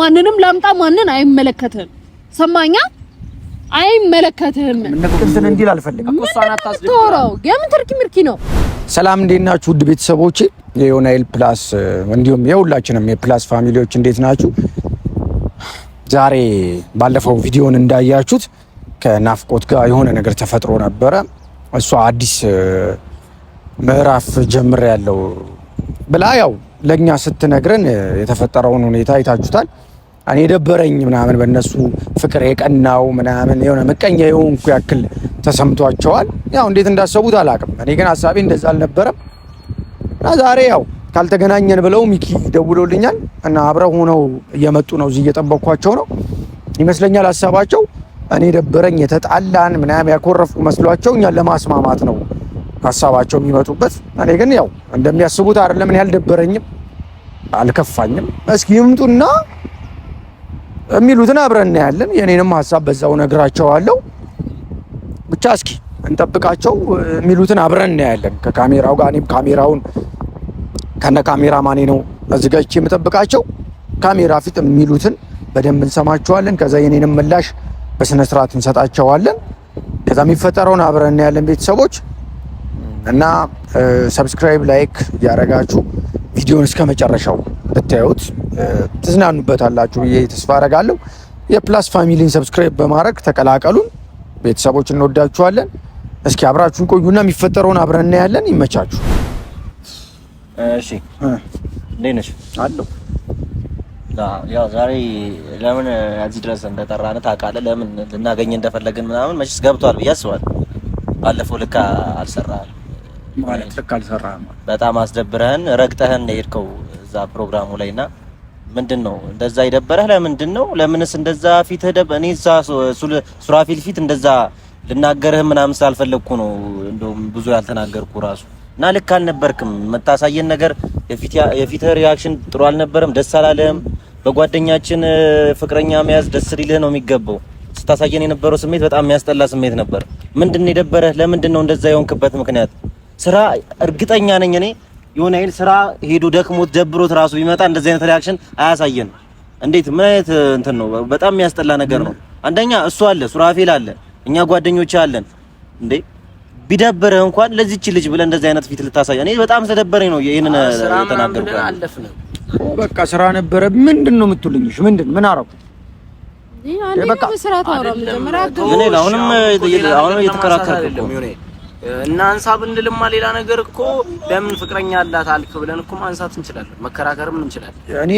ማንንም ላምጣ ማንን አይመለከትህም። ሰማኛ አይመለከትህም። እንትን እንዲል አልፈልግም። የምን ትርኪ ምርኪ ነው? ሰላም እንዴት ናችሁ? ውድ ቤተሰቦቼ የዮናይል ፕላስ እንዲሁም የሁላችንም የፕላስ ፋሚሊዎች እንዴት ናችሁ? ዛሬ ባለፈው ቪዲዮን እንዳያችሁት ከናፍቆት ጋር የሆነ ነገር ተፈጥሮ ነበረ። እሷ አዲስ ምዕራፍ ጀምር ያለው ብላ ያው ለእኛ ስትነግረን የተፈጠረውን ሁኔታ አይታችሁታል። እኔ የደበረኝ ምናምን በእነሱ ፍቅር የቀናው ምናምን የሆነ ምቀኛ የሆንኩ ያክል ተሰምቷቸዋል። ያው እንዴት እንዳሰቡት አላውቅም። እኔ ግን ሀሳቤ እንደዛ አልነበረም እና ዛሬ ያው ካልተገናኘን ብለው ሚኪ ደውሎልኛል እና አብረው ሆነው እየመጡ ነው። እዚህ እየጠበኳቸው ነው ይመስለኛል ሀሳባቸው እኔ ደበረኝ የተጣላን ምናምን ያኮረፉ መስሏቸው እኛን ለማስማማት ነው ሀሳባቸው የሚመጡበት። እኔ ግን ያው እንደሚያስቡት አይደለም። እኔ አልደበረኝም፣ አልከፋኝም። እስኪ ይምጡና የሚሉትን አብረን እናያለን። የኔንም ሀሳብ በዛው ነግራቸዋለሁ። ብቻ እስኪ እንጠብቃቸው። የሚሉትን አብረን እናያለን። ከካሜራው ጋር እኔም ካሜራውን ከነ ካሜራ ማኔ ነው አዘጋጅቼ የምጠብቃቸው። ካሜራ ፊት የሚሉትን በደንብ እንሰማቸዋለን። ከዛ የኔንም ምላሽ በስነስርዓት እንሰጣቸዋለን። ከዛ የሚፈጠረውን አብረን እናያለን ቤተሰቦች እና ሰብስክራይብ ላይክ እያደረጋችሁ ቪዲዮን እስከ መጨረሻው ብታዩት ትዝናኑበታላችሁ ብዬ ተስፋ አረጋለሁ። የፕላስ ፋሚሊን ሰብስክራይብ በማድረግ ተቀላቀሉን። ቤተሰቦች እንወዳችኋለን። እስኪ አብራችሁን ቆዩና የሚፈጠረውን አብረን እናያለን። ይመቻችሁ። እሺ እንዴት ነሽ? አለሁ። ያው ዛሬ ለምን እዚህ ድረስ እንደጠራን ታውቃለህ። ለምን ልናገኝ እንደፈለግን ምናምን መቼስ ገብቷል ብዬ አስባለሁ። ባለፈው ልካ አልሰራህም ማለት ልክ አልሰራህም። በጣም አስደብረህን ረግጠህን ነው የሄድከው እዛ ፕሮግራሙ ላይ እና ምንድን ነው እንደዛ የደበረህ ለምንድን ነው? ለምንስ እንደዛ ፊት ደብ እኔ እዛ ሱራፊል ፊት እንደዛ ልናገርህ ምናምን ስላልፈለግኩ ነው እንደውም ብዙ ያልተናገርኩ ራሱ እና ልክ አልነበርክም። የምታሳየን ነገር የፊት ሪያክሽን ጥሩ አልነበረም። ደስ አላለህም። በጓደኛችን ፍቅረኛ መያዝ ደስ ሊልህ ነው የሚገባው። ስታሳየን የነበረው ስሜት በጣም የሚያስጠላ ስሜት ነበር። ምንድን ነው የደበረህ? ለምንድን ነው እንደዛ የሆንክበት ምክንያት ስራ እርግጠኛ ነኝ እኔ የሆነ ይል ስራ ሄዶ ደክሞት ደብሮት ራሱ ቢመጣ እንደዚህ አይነት ሪያክሽን አያሳየን። እንዴት ምን አይነት እንትን ነው? በጣም የሚያስጠላ ነገር ነው። አንደኛ እሱ አለ፣ ሱራፌል አለ፣ እኛ ጓደኞች አለን። እንዴ ቢደብርህ እንኳን ለዚች ልጅ ብለ እንደዚህ አይነት ፊት ልታሳይ እኔ በጣም ስለደበረኝ ነው ይሄንን የተናገርኩት። በቃ ስራ ነበረ። ምንድን ነው የምትሉኝ? እሺ ምንድን ምን አደረኩት? በቃ ስራ ታወራ መጀመሪያ አሁንም እየተከራከርኩ እና አንሳ ብንልማ ሌላ ነገር እኮ ለምን ፍቅረኛ አላት አልክ ብለን እኮ ማንሳት እንችላለን፣ መከራከርም እንችላለን። እኔ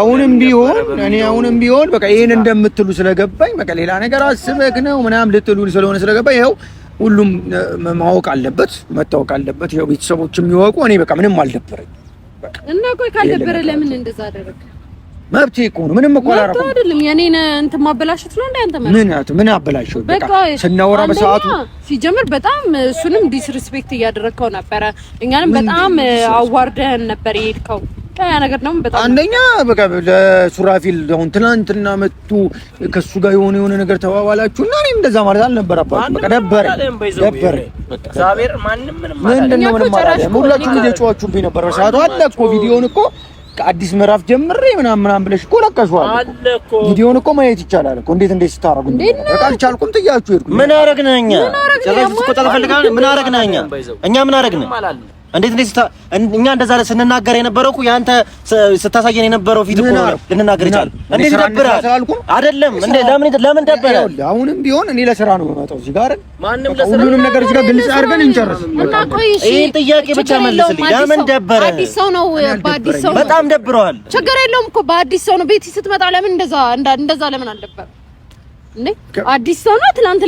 አሁንም ቢሆን እኔ አሁንም ቢሆን በቃ ይሄን እንደምትሉ ስለገባኝ በቃ ሌላ ነገር አስበህ ነው ምናምን ልትሉ ስለሆነ ስለገባኝ ይኸው ሁሉም ማወቅ አለበት፣ መታወቅ አለበት። ይኸው ቤተሰቦችም ይወቁ። እኔ በቃ ምንም አልደበረኝ እና ቆይ ካልደበረ ለምን እንደዛ አደረግ መብት እኮ ነው። ምንም እኮ አላደረኩም። አይደለም የኔን እንትን ማበላሸት ነው እንዴ? አንተ ምን አት ምን አበላሸው? በቃ ስናወራ በሰዓቱ ሲጀምር በጣም እሱንም ዲስሪስፔክት እያደረግከው ነበረ። እኛንም በጣም አዋርደህን ነበር የሄድከው። ያ ነገር ደግሞ በጣም አንደኛ በቃ ለሱራፊል አሁን ትናንትና መጡ ከሱ ጋር የሆነ የሆነ ነገር ተባባላችሁ እና እኔም እንደዛ ማለት አልነበረባችሁም። በቃ ደበረ ደበረ። እግዚአብሔር ማንንም ምንም ማለት ነው። ሁላችሁም እየጨዋችሁብኝ ነበር በሰዓቱ አለ እኮ ቪዲዮውን እኮ ከአዲስ ምዕራፍ ጀምሬ ምናምን ምናምን ብለሽ እኮ ለቀሽዋል። ቪዲዮውን እኮ ማየት ይቻላል እኮ እንዴት እንዴት ስታረጉ በቃ አልቻልኩም። ትያችሁ ሄድኩ። ምን አረግነህ እኛ? ጭራሽ እኮ ተፈልጋል። ምን አረግነህ እኛ? ምን አረግነህ እንዴት እንዴት እኛ እንደዛ ስንናገር የነበረው እኮ ያንተ ስታሳየን የነበረው ፊት እኮ ልንናገር ይቻላል። እንዴት ደብረህ አይደለም እንዴ? ለምን ለምን ደብረህ? አሁንም ቢሆን እኔ ለስራ ነው የመጣው እዚህ ጋር ማንም ለስራ ሁሉንም ነገር እዚህ ጋር ግልጽ አድርገን እንጨርስ። ይሄን ጥያቄ ብቻ መልስልኝ። ለምን ደብረህ? አዲስ ሰው ነው፣ በአዲስ ሰው በጣም ደብረዋል። ችግር የለውም እኮ በአዲስ ሰው ነው። ቤት ስትመጣ ለምን እንደዛ እንደዛ ለምን አልደበረም? አዲስ ሰው ነው። ትናንት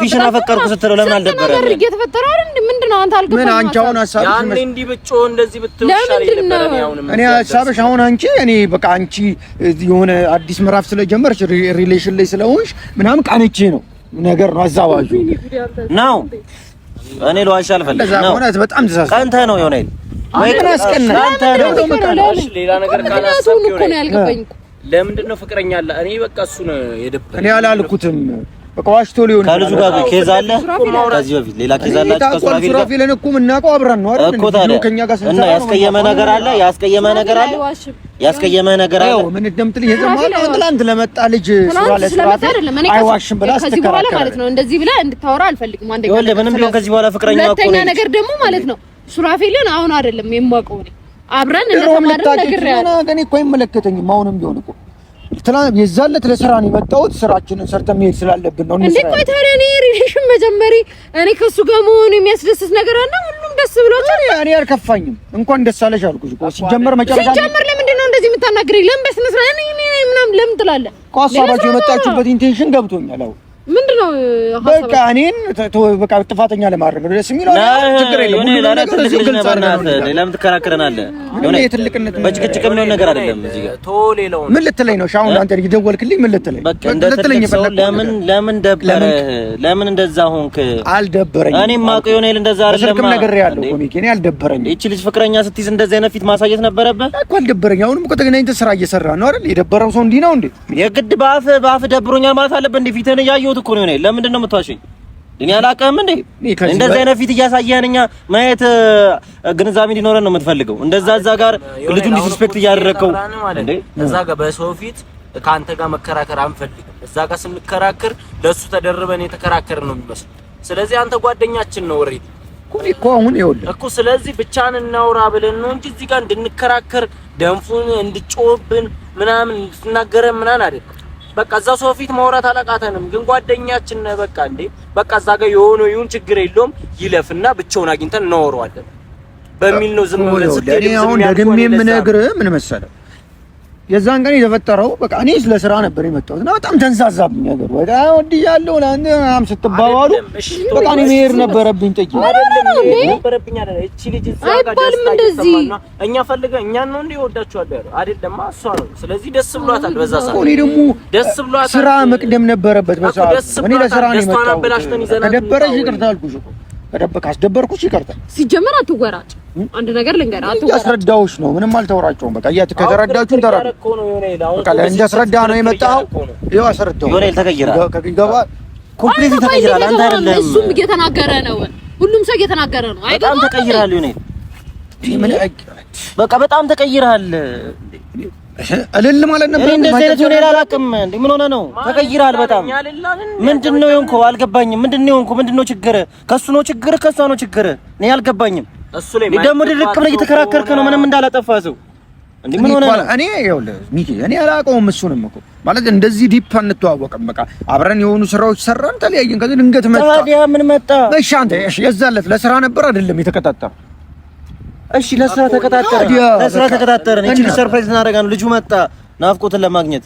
ፊሽን አፈቀርኩ ስትለው ለምን አልነበረ? እየተፈጠረ አይደል? ምንድን ነው አንተ አልገባህም? ምን አንቺ አሁን ሀሳብሽ ያኔ እንዲህ ብጮህ እንደዚህ ብትል ለምንድን ነው? እኔ ሀሳብሽ አሁን አንቺ እኔ በቃ አንቺ የሆነ አዲስ ምዕራፍ ስለጀመርሽ ሪሌሽን ላይ ስለሆንሽ ምናምን ቀንቼ ነው ነገር ነው አዛባጁ ነው። እኔ ልዋሻ አልፈልግም ነው። በጣም ተሳሳተ። ቀንተህ ነው የሆነ ይል ወይ ቀንተህ ነው። ሌላ ነገር ካላሰብኩኝ ነው ያልገባኝ እኮ ለምንድን ነው ፍቅረኛ አለ? እኔ በቃ እሱ ነው የደበረኝ። እኔ አላልኩትም። በቃ ዋሽቶ ሊሆን ከልጁ ጋር ኬዝ አለ። ከዚህ በፊት ሌላ ኬዝ አለ። ሱራፌልን እኮ የምናውቀው አብረን ነው አይደል? ነው ከኛ ጋር ስንሰራ እና ያስቀየመ ነገር አለ። ያስቀየመ ነገር አለ። ያስቀየመ ነገር አለ። ምን እንደምትል እየሰማህ ነው። ትናንት ለመጣ ልጅ ሱራፌል አይዋሽም ብላ ከዚህ በኋላ ማለት ነው እንደዚህ ብላ እንድታወራ አልፈልግም። አንደኛ ይኸውልህ፣ ምንም ቢሆን ከዚህ በኋላ ፍቅረኛ እኮ ነው። ሁለተኛ ነገር ደግሞ ማለት ነው ሱራፌልን አሁን አይደለም የማውቀው ነው አብረን አይመለከተኝም። አሁንም ቢሆን እኮ ትናንት የዛን ዕለት ለስራ ነው የመጣሁት። ስራችንን ሰርተን መሄድ ስላለብን ነው እንዴ? ቆይ ታዲያ እኔ ሪሌሽን መጀመሪ እኔ ከሱ ጋር መሆኑ የሚያስደስት ነገር አለ? ሁሉም ደስ ብሎታል። እኔ አልከፋኝም፣ እንኳን ደስ አለሽ አልኩሽ እኮ ሲጀመር። መጨረሻ ሲጀመር ለምንድን ነው እንደዚህ የምታናግረኝ? ለምን በስነ ስርዓት እኔ ምናምን ለምን ትላለህ? ቋሷ የመጣችሁበት ኢንቴንሽን ገብቶኛል አሁን በቃ እኔን ጥፋተኛ ለማድረግ ነው ደስ የሚለው። ነገር አይደለም። እዚህ ጋር ምን ልትለኝ ነው? አንተ ደወልክልኝ ምን ልትለኝ ለምን ለምን ደበረህ? ለምን እንደዛ ሆንክ? እኔ ማቀ የሆነ እንደዛ አይደለም። ነገር ያለው እኔ ልጅ ፍቅረኛ ስትይዝ እንደዚህ አይነት ፊት ማሳየት ነበረብህ እኮ። አልደበረኝ። አሁንም እኮ ስራ እየሰራ ነው አይደል? የደበረው ሰው እንዲህ ነው እንዴ? የግድ በአፍ በአፍ ደብሮኛል ማለት አለብህ እንዴ? ፊትህን እያየሁት እኮ ነው ነው። ለምንድን ነው የምትዋሽኝ? እኔ አላውቅህም እንዴ? እንደዛ አይነት ፊት እያሳየህን እኛ ማየት ግንዛቤ እንዲኖረን ነው የምትፈልገው? እንደዛ እዛ ጋር ልጁን ዲስፔክት እያደረግከው እንዴ? እዛ ጋር በሰው ፊት ከአንተ ጋር መከራከር አንፈልግም። እዛ ጋር ስንከራከር ለሱ ተደርበን የተከራከር ነው የሚመስል። ስለዚህ አንተ ጓደኛችን ነው ኦልሬዲ እኮ አሁን ይኸውልህ እኮ ስለዚህ ብቻን እናውራ ብለን ነው እንጂ እዚህ ጋር እንድንከራከር ደንፉን እንድጮህብን ምናምን እንድትናገረን ምናምን አይደለም። በቃ እዛ ሰው ፊት ማውራት አላቃተንም፣ ግን ጓደኛችን ነህ። በቃ እንዴ በቃ እዛ ጋር የሆነ ይሁን ችግር የለውም ይለፍና ብቻውን አግኝተን እናወራዋለን በሚል ነው ዝም ብለን ስለዚህ አሁን ደግሜ የምነግርህ ምን መሰለህ የዛን ቀን የተፈጠረው በቃ እኔ ለስራ ነበር የመጣሁት እና በጣም ተንዛዛብኝ ነገሩ። በጣም ወድያለሁ ምናምን ስትባባሉ በቃ እኔ መሄድ ነበረብኝ። ጥቂ አይባልም እንደዚህ እኛ ነው አይደለማ፣ እሷ ነው። ስለዚህ ደስ ብሏታል። በዛ ሰዓት እኔ ደግሞ ደስ ብሏታል። ስራ መቅደም ነበረበት በሰዓቱ። እኔ ለስራ ነው የመጣሁት። ከደበረሽ ይቅርታ አልኩሽ እኮ በደብቅ አስደበርኩሽ ይቀርታል። ሲጀመር አትወራጭ። አንድ ነገር ልንገር፣ አትወራጭ። አስረዳሁሽ ነው፣ ምንም አልተወራጨውም። በቃ እያት ከተረዳችሁ ተራ በቃ እንዲያስረዳ ነው የመጣው። ይኸው አስረዳሁ። ዮኔል ተቀይራል፣ ከገባ ኮምፕሊት ተቀይራል። አንተ አይደለም እሱም እየተናገረ ነው፣ ሁሉም ሰው እየተናገረ ነው። አይገባም። ተቀይራል ዮኔል፣ በቃ በጣም ተቀይራል። እልል ማለት ነበር። እንደዚህ አይነት ሁኔታ አላውቅም። እንደ ምን ሆነህ ነው? ተቀይራል በጣም። ምንድን ነው የሆንከው? አልገባኝም። ምንድን ነው የሆንከው? ምንድን ነው ችግርህ? ከእሱ ነው ችግርህ? ከእሷ ነው ችግርህ? እኔ አልገባኝም። ደግሞ ድርቅ ብለህ እየተከራከርክ ነው ምንም እንዳላጠፋ ሰው እንዴ ምን ሆነ? እኔ ይኸውልህ ሚኪ እኔ አላውቀውም። እሱንም እኮ ማለት እንደዚህ ዲፕ አንተዋወቅም። በቃ አብረን የሆኑ ስራዎች ሰራን፣ ተለያየን። ከዚህ ድንገት መጣ። ታዲያ ምን መጣ? እሺ አንተ የዛን ዕለት ለስራ ነበር አይደለም የተከታተለው እሺ ለስራ ተቀጣጠረ፣ ለስራ ተቀጣጠረ። እቺ ሰርፕራይዝ እናደርጋ ነው። ልጁ መጣ ናፍቆትን ለማግኘት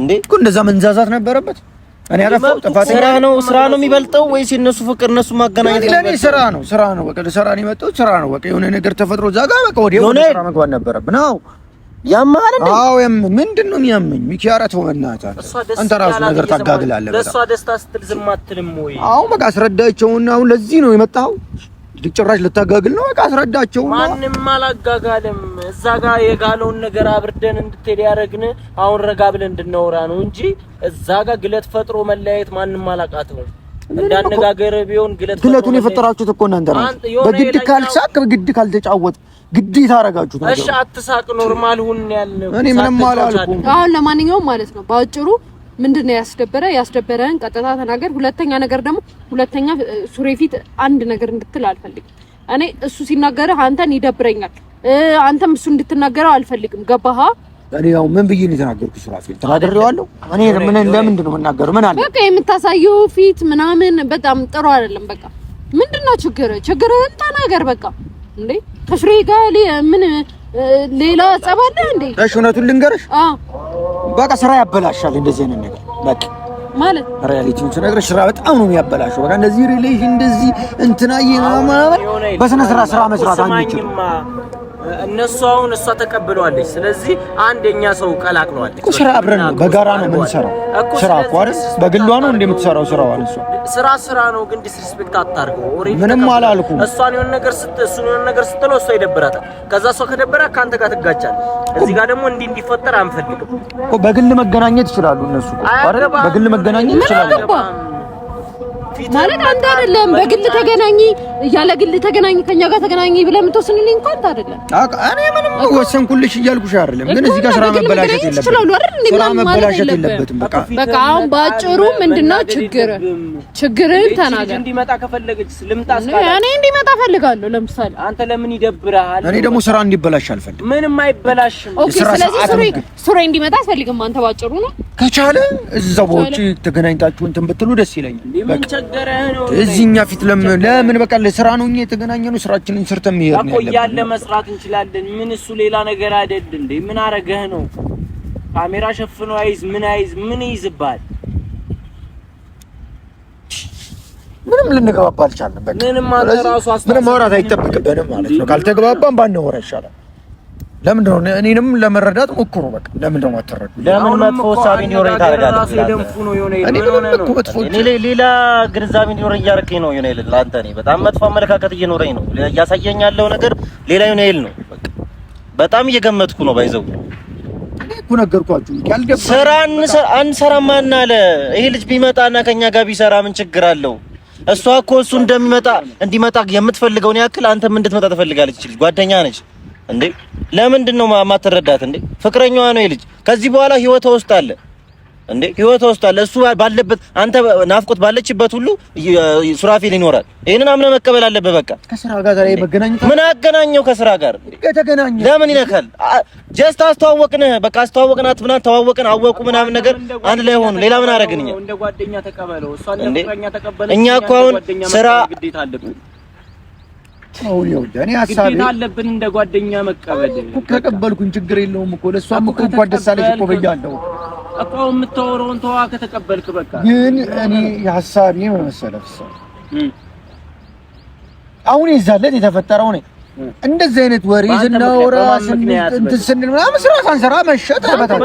እንዴ። እኮ እንደዛ መንዛዛት ነበረበት። እኔ አላፈው ጥፋት ስራ ነው ስራ ነው የሚበልጠው ወይስ የነሱ ፍቅር እነሱ ማገናኘት ነው? ለኔ ስራ ነው ስራ ነው በቃ ለስራ ነው የመጣው ስራ ነው በቃ የሆነ ነገር ተፈጥሮ ዛጋ በቃ ወዲያው ስራ መግባት ነበረብን። ነው ያማረ እንዴ? አዎ ያም ምንድን ነው የሚያመኝ? ሚኪያራ ተወናታ አንተ ራሱ ነገር ታጋግላለህ። ለሷ ደስታ ስትል ዝም አትልም ወይ? አዎ በቃ አስረዳቸውና አሁን ለዚህ ነው የመጣው ጭራሽ ልታጋግል ነው? በቃ አስረዳቸው። ማንም አላጋጋለም። እዛ ጋር የጋለውን ነገር አብርደን እንድትሄድ ያደረግን አሁን ረጋ ብለን እንድናወራ ነው እንጂ እዛ ጋር ግለት ፈጥሮ መለያየት ማንም አላቃተውም። እንዳነጋገር ቢሆን ግለት ግለቱን የፈጠራችሁት እኮ እናንተ ናችሁ። በግድ ካልሳቅ፣ በግድ ካልተጫወት ግዴታ አደረጋችሁት እሺ አትሳቅ፣ ኖርማል ሁን ያልነው እኔ ምንም አላልኩም። አሁን ለማንኛውም ማለት ነው ባጭሩ ምንድን ነው ያስደበረ? ያስደበረን ቀጥታ ተናገር። ሁለተኛ ነገር ደግሞ ሁለተኛ ሱሬ ፊት አንድ ነገር እንድትል አልፈልግም። እኔ እሱ ሲናገርህ አንተን ይደብረኛል፣ አንተም እሱ እንድትናገረው አልፈልግም። ገባሃ? እኔ ያው ምን ብዬ ነው የተናገርኩት? ሱራፌል ተናግሬዋለሁ። እኔ ምን ለምንድን ነው የምናገረው? ምን አለ በቃ የምታሳየው ፊት ምናምን በጣም ጥሩ አይደለም። በቃ ምንድነው ችግር? ችግርህን ተናገር በቃ እንዴ ከሱሬ ጋር ምን ሌላ ጸባለ እንዴ? እሺ እውነቱን ልንገርሽ። አዎ በቃ ስራ ያበላሻል እንደዚህ አይነት ነገር በቃ ማለት ሪያሊቲውን ስነግርሽ ስራ በጣም ነው የሚያበላሸው። በቃ እንደዚህ ሪሌሽን እንደዚህ እንትና ይሄ ነው ማለት በስነ ስራ ስራ መስራት አንቺ እነሱ አሁን እሷ ተቀብለዋለች። ስለዚህ አንደኛ ሰው ቀላቅለዋለች እኮ ስራ አብረን ነው በጋራ ነው የምንሰራው። ስራ እኮ አይደል በግሏ ነው እንደምትሰራው ስራው አይደል እሷ ስራ ስራ ነው። ግን ዲስሪስፔክት አታርገው። ኦሬዲ ምንም አላልኩም። እሷን የሆነ ነገር ስት እሱን የሆነ ነገር ስትለው እሷ ይደብራታል። ከዛ እሷ ከደበራ ከአንተ ጋር ትጋጫለህ። እዚህ ጋር ደግሞ እንዲህ እንዲፈጠር አንፈልግም እኮ። በግል መገናኘት ይችላሉ እነሱ እኮ አይደል በግል መገናኘት ይችላሉ። ማለት አንተ አይደለም በግል ተገናኝ ያለ ግል ተገናኝ ከኛ ጋር ተገናኝ ብለህ የምትወስንልኝ እንኳን አንተ አይደለም። አዎ እኔ ምንም ወሰንኩልሽ እያልኩሽ አይደለም፣ ግን እዚህ ጋር ስራ መበላሸት የለበትም። ስራ መበላሸት የለበትም። በቃ በቃ። አሁን ባጭሩ ምንድነው ችግር? ችግርን ተናገር። እንዲመጣ ከፈለገችስ ልምጣ ስካለ እኔ እንዲመጣ ፈልጋለሁ። ለምሳሌ አንተ ለምን ይደብራል? እኔ ደግሞ ስራ እንዲበላሽ አልፈልግም። ምንም አይበላሽም። ኦኬ። ስለዚህ ሱሬ ሱሬ እንዲመጣ አትፈልግም አንተ? ባጭሩ ነው። ከቻለ እዛው ወጪ ተገናኝታችሁ እንትን ብትሉ ደስ ይለኛል። በቃ እዚህኛ ፊት ለምን ለምን በቃ ለስራ ነው እኛ የተገናኘነው፣ ስራችንን ሰርተን ይሄድ ነው ያለ መስራት እንችላለን። ምን እሱ ሌላ ነገር አይደል እንዴ? ምን አረገህ ነው? ካሜራ ሸፍኖ አይዝ ምን አይዝ ምን ይዝባል? ምንም ልንገባባ አልቻለም በቃ ምንም ማውራት አይጠበቅብንም ማለት ነው። ካልተግባባን ባናወራ ይሻላል። ለምን ነው እኔንም ለመረዳት ሞክሩ። በቃ ለምን ነው አትረዱ? ለምን መጥፎ ሳቢ እንዲኖረኝ ታደርጋለህ? እኔ ምንም እኮ መጥፎ ሌላ ግንዛቤ እንዲኖረኝ እያደረገኝ ነው። ዮናኤል ለአንተ እኔ በጣም መጥፎ አመለካከት እየኖረኝ ነው። እያሳየኝ ያለው ነገር ሌላ ዮናኤል ነው። በጣም እየገመትኩ ነው። ባይዘው ነገርኳችሁ። ስራ አንሰራም ማን አለ? ይሄ ልጅ ቢመጣና ከኛ ጋር ቢሰራ ምን ችግር አለው? እሷ እኮ እሱ እንደሚመጣ እንዲመጣ የምትፈልገውን ያክል አንተም እንድትመጣ ትፈልጋለች። ጓደኛ ነች እንዴ ለምንድን ነው ማትረዳት? እንዴ ፍቅረኛዋ ነው የልጅ። ከዚህ በኋላ ህይወት ውስጥ አለ እንዴ ህይወት ውስጥ አለ። እሱ ባለበት አንተ ናፍቆት ባለችበት ሁሉ ሱራፌል ይኖራል። ይሄንን አምነህ መቀበል አለበት። በቃ ከስራ ጋር ዛሬ መገናኘት ምን አገናኘው? ከስራ ጋር ከተገናኘ ለምን ይነካል? ጀስት አስተዋወቅን፣ በቃ አስተዋወቅን፣ አትብና ተዋወቅን፣ አወቁ ምናምን ነገር አንድ ላይ ሆኑ። ሌላ ምን አደረግን? እኛ እኛ እኮ አሁን ስራ ግዴታ አለብን እንደ ጓደኛ መቀበል። ተቀበልኩኝ፣ ችግር የለውም እኮ ለእሷም እኮ እንኳን ደስ አለሽ እኮ በያለሁ እኮ የምታወራውን ተዋ። ከተቀበልክ በቃ። ግን እኔ ሀሳቤ መመሰለህ አሁን የዛን ዕለት የተፈጠረው ነው እንደዚህ አይነት ወሬ ዝናወራ እንትን ስንል ምናምን ስራ ሳንሰራ መሸጥ አልበታችሁ።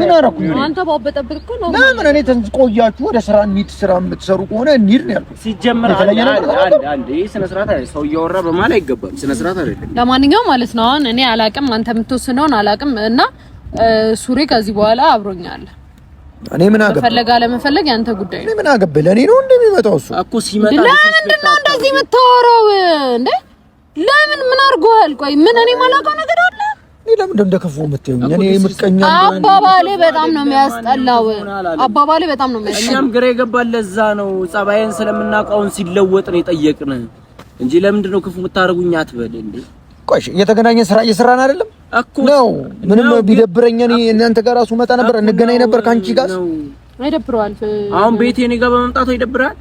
ምን አደረኩኝ? ለምን እኔ ቆያችሁ ወደ ስራ እንሂድ፣ ስራ የምትሰሩ ከሆነ እንሂድ ነው ያልኩት። ሲጀመር ስነ ስርዓት ሰው እያወራ በመሀል አይገባም። ስነ ስርዓት አይደለም። ለማንኛውም ማለት ነው አሁን እኔ አላቅም፣ አንተ የምትወስነውን አላቅም። እና ሱሪ ከዚህ በኋላ አብሮኛል እኔ ምን አገባኝ? ፈለጋ አለመፈለግ ያንተ ጉዳይ ነው። ምን አገባኝ? ለኔ ነው እንደሚመጣው እሱ እኮ ሲመጣ ለምንድን ነው እንደዚህ የምታወራው እንዴ? ለምን ምን አድርጎሃል? ቆይ ምን እኔ ማላውቀው ነገር አለ? እኔ ለምን እንደከፉ የምትይኝ? እኔ ምቀኛ አባባሌ በጣም ነው የሚያስጠላው። አባባሌ በጣም ነው የሚያስጠላው። እኛም ግራ የገባን ለዛ ነው ጸባዬን ስለምናውቀውን ሲለወጥ ነው የጠየቅን እንጂ ለምንድን ነው ክፉ የምታደርጉኝ አትበል እንዴ። ቆይ እየተገናኘን ስራ እየሰራን አይደለም ነው። ምንም ቢደብረኝ እኔ እናንተ ጋር እራሱ መጣ ነበር፣ እንገናኝ ነበር ከአንቺ ጋር። አይደብረዋል። አሁን ቤቴ እኔ ጋር በመምጣቱ አይደብራል።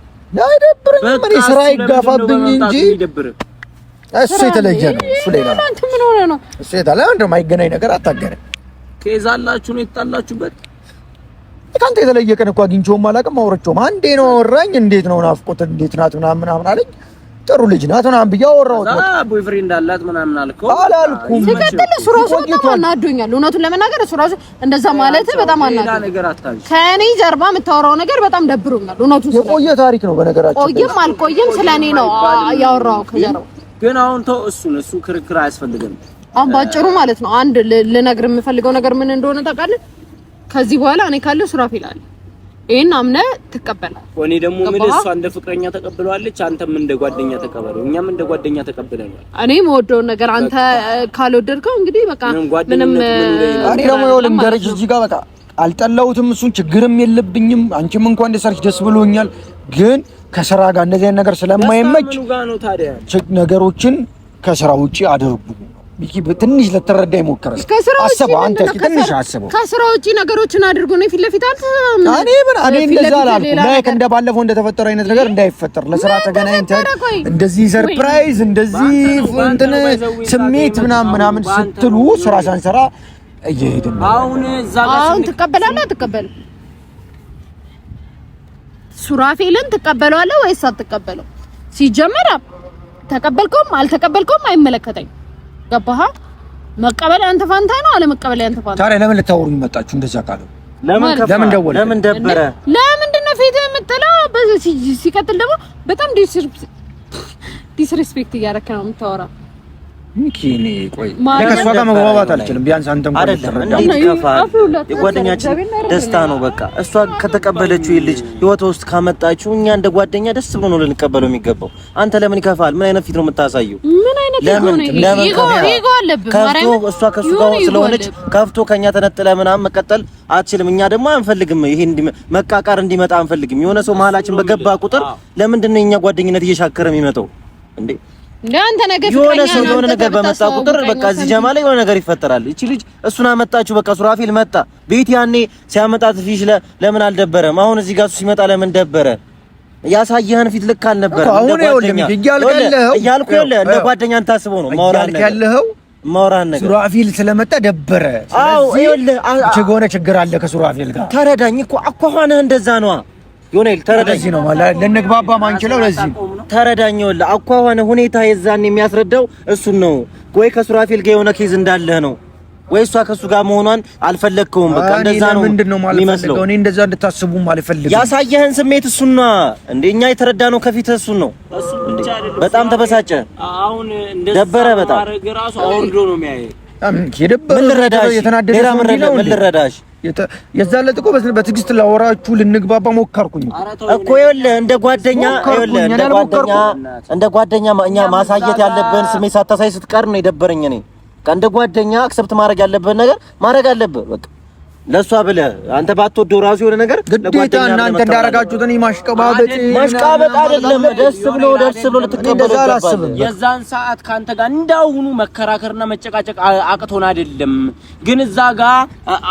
አይደብረኝ ምን ስራ ይጋፋብኝ እንጂ እሱ የተለየ ነው። እሱ ሌላ ነው። አንተ ምን ሆነህ ነው? እሱ የማይገናኝ ነገር አታገረ ከዛላችሁ ነው የተጣላችሁበት። ከአንተ የተለየ ቀን እኮ አግኝቼውም አላውቅም፣ አውርቼውም አንዴ ነው አወራኝ። እንዴት ነው ናፍቆት እንዴት ናት ምናምን ምናምን አለኝ። ጥሩ ልጅ ናት ምናምን ብዬሽ አወራሁት። ቦይፍሬንድ አላት ምናምን አልከው አላልኩም። ሲቀጥል እሱ እራሱ በጣም አናዶኛል። እውነቱን ለመናገር እሱ እራሱ እንደዛ ማለት በጣም አናዶኛል። ከእኔ ጀርባ የምታወራው ነገር በጣም ደብሮኛል። እውነቱ የቆየ ታሪክ ነው። በነገራችን ቆይም አልቆይም ስለ እኔ ነው ያወራኸው ከጀርባ ግን አሁን ተው እሱን እሱ ክርክር አያስፈልግም። አሁን ባጭሩ ማለት ነው አንድ ልነግር የምፈልገው ነገር ምን እንደሆነ ታውቃለህ? ከዚህ በኋላ እኔ ካለው ሱራፌል አለ ይሄን አምነህ ትቀበላለህ። እኔ ደግሞ ምን እሷ እንደ ፍቅረኛ ተቀብለዋለች፣ አንተም እንደ ጓደኛ ተቀበለው፣ እኛም እንደ ጓደኛ ተቀብለናል። እኔ የምወደውን ነገር አንተ ካልወደድከው እንግዲህ በቃ ምንም። እኔ ደግሞ ይኸውልህ ደረጃ እዚህ ጋር በቃ አልጠላሁትም፣ እሱን ችግርም የለብኝም። አንቺም እንኳን እንደሰርሽ ደስ ብሎኛል። ግን ከስራ ጋር እንደዚህ አይነት ነገር ስለማይመች ነገሮችን ከስራ ውጪ አድርጉ። ትንሽ ልትረዳ ይሞክራል። አስበው አንተ ትንሽ አስበው። ከስራ ውጪ ነገሮችን አድርጉ ነው ፊት ለፊት አልተ እኔ ምን እኔ እንደዛ አላልኩም። ላይክ እንደ ባለፈው እንደ ተፈጠረ አይነት ነገር እንዳይፈጠር ለስራ ተገናኝተን እንደዚህ ሰርፕራይዝ፣ እንደዚህ እንትን ስሜት ምናምን ምናምን ስትሉ ስራ ሳንሰራ እየሄድን አሁን እዛ ጋር አሁን ትቀበላለህ አትቀበልም? ሱራፌልን ትቀበለዋለህ ወይስ አትቀበለው? ሲጀመር ተቀበልከውም አልተቀበልከውም አይመለከተኝ። ገባህ? መቀበል ያንተ ፋንታ ነው፣ አለመቀበል ያንተ ፋንታ። ታዲያ ለምን ልታወሩኝ መጣችሁ? እንደዛ ካለ ለምን ለምን ደወለ? ለምን ደበረ? ለምንድን ነው ፊት የምትለው? ሲቀጥል ደግሞ በጣም ዲስሪስፔክት እያደረክ ነው የምታወራው ሚኪኒ ከእሷ ጋር መግባባት አልችልም። ቢያንስ አንተ እንኳን የጓደኛችን ደስታ ነው። በቃ እሷ ከተቀበለችው ልጅ ህይወት ውስጥ ካመጣችው እኛ እንደ ጓደኛ ደስ ብሎ ነው ልንቀበለው የሚገባው። አንተ ለምን ይከፋል? ምን አይነት ፊት ነው የምታሳየው? ለምን ከፍቶ እሷ ከሱ ጋር ስለሆነች ከፍቶ ከኛ ተነጥለ ምናምን መቀጠል አትችልም። እኛ ደግሞ አንፈልግም፣ ይሄ መቃቃር እንዲመጣ አንፈልግም። የሆነ ሰው መሀላችን በገባ ቁጥር ለምንድን ነው የኛ ጓደኝነት እየሻከረ የሚመጣው እንዴ? የሆነ ሰው የሆነ ነገር በመጣ ቁጥር በቃ እዚህ ጀማ ላይ የሆነ ነገር ይፈጠራል። እቺ ልጅ እሱን አመጣችሁ በቃ ሱራፊል መጣ ቤት ያኔ ሲያመጣት ፊሽ ለምን አልደበረም? አሁን እዚህ ጋር እሱ ሲመጣ ለምን ደበረ? ያሳየህን ፊት ልክ አልነበረ። አሁን ይኸውልህ እያልኩ ይኸውልህ እንደ ጓደኛ እንታስበው ነው ማውራት ያለኸው ማውራት ነገር ሱራፊል ስለመጣ ደበረ። አዎ ይኸውልህ ችግር አለ ከሱራፊል ጋር ተረዳኝ እኮ አኳኋንህ እንደዛ ነዋ ዮኔል ተረዳኝ። ለዚህ ነው ልንግባባ ማንችለው። ለዚህ ተረዳኝ። ይኸውልህ ሆነ ሁኔታ የዛን የሚያስረዳው እሱን ነው። ወይ ከሱራፌል ጋር የሆነ ኬዝ እንዳለህ ነው ወይ እሷ ከሱ ጋር መሆኗን አልፈለግከውም። በቃ እንደዛ ነው የሚመስለው። እኔ እንደዛ እንድታስቡም አልፈልግም። ያሳየህን ስሜት እሱና እንደ እኛ ነው ከፊት እሱን ነው። በጣም ተበሳጨ፣ አሁን ደበረ፣ በጣም አሁን ራሱ አውርዶ ነው የሚያየው የዛን እኮ በትዕግስት ላወራችሁ ልንግባባ ሞከርኩኝ እኮ። ይኸውልህ እንደ ጓደኛ እንደ ጓደኛ እኛ ማሳየት ያለብን ስሜት ሳታሳይ ስትቀር ነው የደበረኝ። እኔ እንደ ጓደኛ አክሰብት ማድረግ ያለብን ነገር ማድረግ አለብህ በቃ ለሷ ብለህ አንተ ባትወደው ራሱ የሆነ ነገር ግዴታ እናንተ እንዳደረጋችሁትን ማሽቀባበጥ ማሽቀባበጥ አይደለም። ደስ ብሎ ደስ ብሎ ልትቀበለው የዛን ሰዓት ከአንተ ጋር እንዳሁኑ መከራከርና መጨቃጨቅ አቅቶን አይደለም፣ ግን እዛ ጋር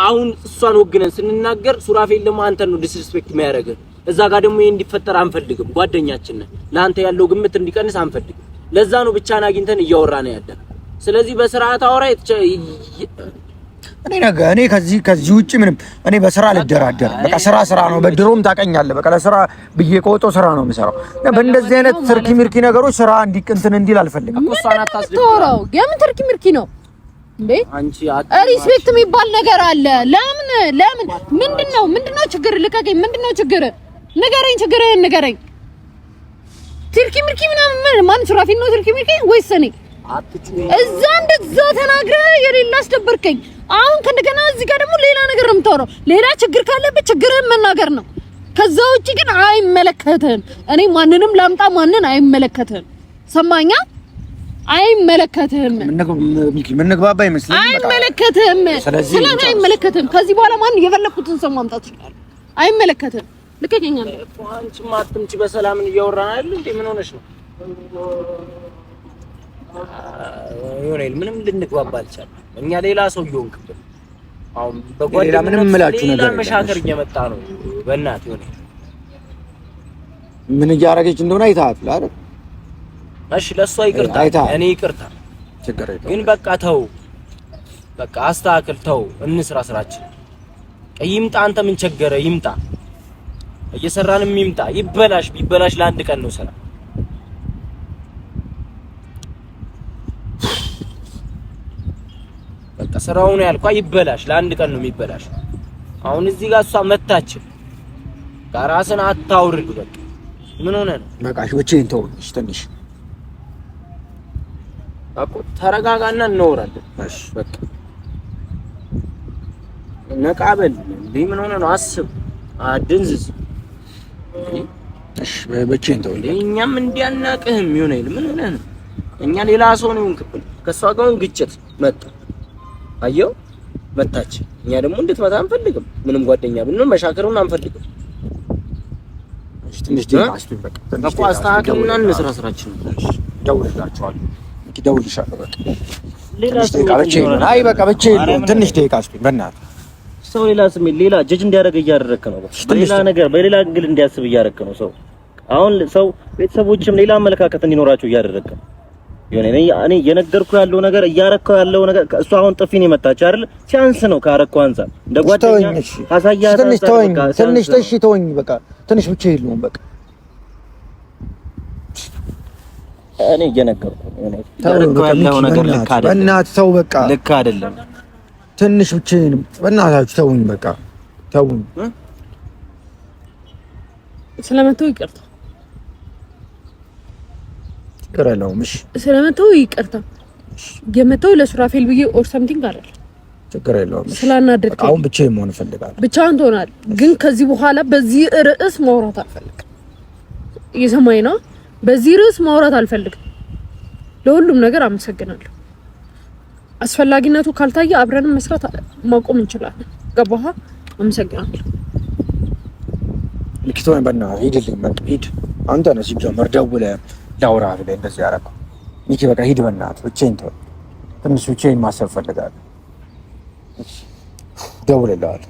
አሁን እሷን ወግነን ስንናገር ሱራፌል ደግሞ አንተ ነው ዲስሪስፔክት የሚያደርግህ። እዛ ጋር ደግሞ ይሄ እንዲፈጠር አንፈልግም። ጓደኛችን ለአንተ ያለው ግምት እንዲቀንስ አንፈልግም። ለዛ ነው ብቻህን አግኝተን እያወራን ያለን። ስለዚህ በስርዓት አውራ እኔ ነገ እኔ ከዚህ ከዚህ ውጪ ምንም እኔ በስራ ልደራደር። በቃ ስራ ስራ ነው። በድሮም ታቀኛለህ። በቃ ለስራ ብዬ ቆጦ ስራ ነው የምሰራው። በእንደዚህ አይነት ትርኪ ምርኪ ነገሮች ስራ እንዲቅንትን እንዲል አልፈልግም። ቶራው የምን ትርኪ ምርኪ ነው እንዴ? ሪስፔክት የሚባል ነገር አለ። ለምን ለምን ምንድነው ምንድነው ችግር? ልቀቀኝ። ምንድነው ችግር? ንገረኝ። ችግርህን ንገረኝ። ትርኪ ምርኪ ምናምን ማን ሱራፊን ነው ትርኪ ምርኪ ወይስ እኔ እዛ እንደዛ ተናግረህ የሌላ አስደበርከኝ። አሁን ከእንደገና እዚህ ጋር ደግሞ ሌላ ነገር ነው የምታወራው። ሌላ ችግር ካለብህ ችግርህን መናገር ነው። ከዛ ውጪ ግን አይመለከትህም። እኔ ማንንም ላምጣ ማንን አይመለከትህም። ሰማኛ አይመለከትህም። ምንግባባ ይመስለኝ አይመለከትህም። ስለዚህ አይመለከትህም። ከዚህ በኋላ ማን የፈለኩትን ሰው ማምጣት ይችላል። አይመለከትህም። ልከኛኛል። አንቺ ማጥምጪ በሰላምን እያወራን አይደል እንዴ? ምን ሆነሽ ነው? ዮኔል ምንም ልንግባባ እኛ ሌላ ሰው እየሆንክብን አሁን በጓደኛ ምንም ነገር ሌላ እየመጣ ነው። በእናትህ ዮናይል ምን እያደረገች እንደሆነ አይተሃል አይደል? እሺ ለእሷ ይቅርታ፣ እኔ ይቅርታ፣ ግን በቃ ተው፣ በቃ አስተካክል፣ ተው፣ እንስራ ስራችን። ይምጣ፣ አንተ ምን ቸገረ? ይምጣ፣ እየሰራንም ይምጣ፣ ይበላሽ፣ ቢበላሽ ለአንድ ቀን ነው ስራ ስራው ነው ያልኳ። ይበላሽ፣ ለአንድ ቀን ነው የሚበላሽ። አሁን እዚህ ጋር እሷ መታች። ራስን አታውርድ። በቃ ምን ሆነ ነው በቃሽ። ብቻዬን ተው ትንሽ አቆ ተረጋጋና እናወራለን። እሺ በቃ ነቃ በል። ምን ሆነ ነው አስብ፣ አድንዝዝ። እሺ ብቻዬን ተው። እኛም እንዲያናቅህም አይደል? ምን ሆነ ነው እኛ ሌላ ሰው ነው እንክብል ከሷ ጋር ግጭት መጣ አየው መታች። እኛ ደግሞ እንድትመታ አንፈልግም። ምንም ጓደኛ ብንሆን መሻከሩን አንፈልግም። ትንሽ አስተካከሉና እንስራ ስራችን። አይ በቃ ትንሽ ሰው ሌላ ስሜት፣ ሌላ ጀጅ እንዲያደርግ እያደረክ ነው። በሌላ ነገር በሌላ እንግል እንዲያስብ እያደረክ ነው። ሰው አሁን ሰው ቤተሰቦችም ሌላ አመለካከት እንዲኖራቸው እያደረክ ነው። እኔ እየነገርኩ ያለው ነገር እያረከው ያለው ነገር እሱ አሁን ጥፊ ነው አይደል? ሲያንስ ነው ካረከው አንፃር እንደ ጓደኛ ትንሽ ተወኝ፣ ትንሽ ተሽ ተወኝ፣ በቃ ትንሽ ብቻ በቃ እኔ እየነገርኩ በቃ ልክ አይደለም። ትንሽ በእናታችሁ ተውኝ፣ በቃ ተውኝ። ስለመተው ይቅርታ ተረላው ምሽ ስለመተው ይቅርታ የመተው ለሱራፌል ብዬ ኦር ሰምቲንግ አለ ችግር የለውም። ስላናደድክ አሁን ብቻዬን መሆን እፈልጋለሁ። ብቻህን ትሆናለህ፣ ግን ከዚህ በኋላ በዚህ ርዕስ ማውራት አልፈልግም። የሰማይ ነው። በዚህ ርዕስ ማውራት አልፈልግም። ለሁሉም ነገር አመሰግናለሁ። አስፈላጊነቱ ካልታየ አብረን መስራት ማቆም እንችላለን። ገባህ? አመሰግናለሁ። ልክቶ አንባና ሂድልኝ። ሂድ አንተ ነው ሲጀመር ደውለህ ዳውራ ላይ እንደዚህ ያደረገው ሚኪ፣ በቃ ሂድ በእናትህ፣ ብቻዬን ተወው፣ ትንሽ ብቻዬን ማሰብ እፈልጋለሁ። እደውልልሃለሁ።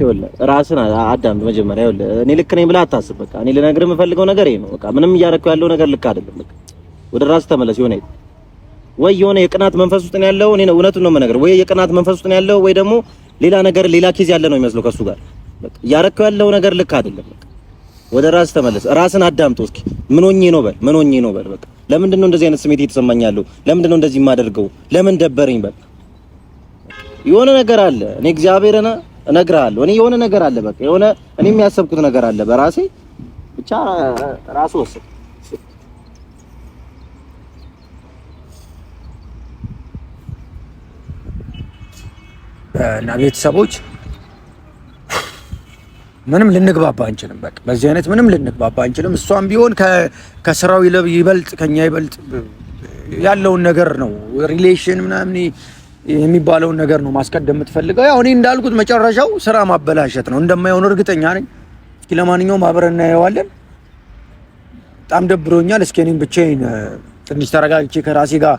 ይኸውልህ ራስን አዳም መጀመሪያ ይኸውልህ፣ እኔ ልክ ነኝ ብለህ አታስብ። በቃ እኔ ልነግርህ የምፈልገው ነገር ይሄ ነው። በቃ ምንም እያደረኩ ያለው ነገር ልክ አይደለም። በቃ ወደ ራስህ ተመለስ። የሆነ ወይ የሆነ የቅናት መንፈስ ውስጥ ነው ያለው። እኔ ነው እውነቱን ነው የምነግርህ። ወይ የቅናት መንፈስ ውስጥ ነው ያለው፣ ወይ ደግሞ ሌላ ነገር ሌላ ኬዝ ያለ ነው የሚመስለው ከሱ ጋር። በቃ እያደረኩ ያለው ነገር ልክ አይደለም። በቃ ወደ ራስ ተመለስ። ራስን አዳምጦ እስኪ ምን ሆኜ ነው በል፣ ምን ሆኜ ነው በል። በቃ ለምንድን ነው እንደዚህ አይነት ስሜት እየተሰማኛለሁ? ለምንድን ነው እንደዚህ የማደርገው? ለምን ደበረኝ በል። የሆነ ነገር አለ። እኔ እግዚአብሔርን እነግርሃለሁ። እኔ የሆነ ነገር አለ። በቃ የሆነ እኔ የሚያሰብኩት ነገር አለ በራሴ ብቻ። ራስ ወስድ እና ቤተሰቦች ምንም ልንግባባ አንችልም። በቃ በዚህ አይነት ምንም ልንግባባ አንችልም። እሷም ቢሆን ከስራው ይበልጥ ከኛ ይበልጥ ያለውን ነገር ነው ሪሌሽን ምናምን የሚባለውን ነገር ነው ማስቀደም የምትፈልገው። ያው እኔ እንዳልኩት መጨረሻው ስራ ማበላሸት ነው እንደማይሆን እርግጠኛ ነኝ። እስኪ ለማንኛውም አብረን እናየዋለን። በጣም ደብሮኛል። እስኪ እኔም ብቻዬን ትንሽ ተረጋግቼ ከራሴ ጋር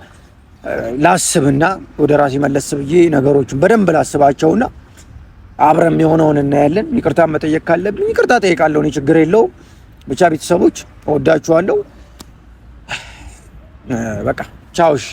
ላስብና ወደ ራሴ መለስ ብዬ ነገሮችን በደንብ ላስባቸውና አብረም የሆነውን እናያለን። ይቅርታ መጠየቅ ካለብኝ ይቅርታ ጠይቃለሁ። እኔ ችግር የለውም። ብቻ ቤተሰቦች እወዳችኋለሁ። በቃ ቻውሽ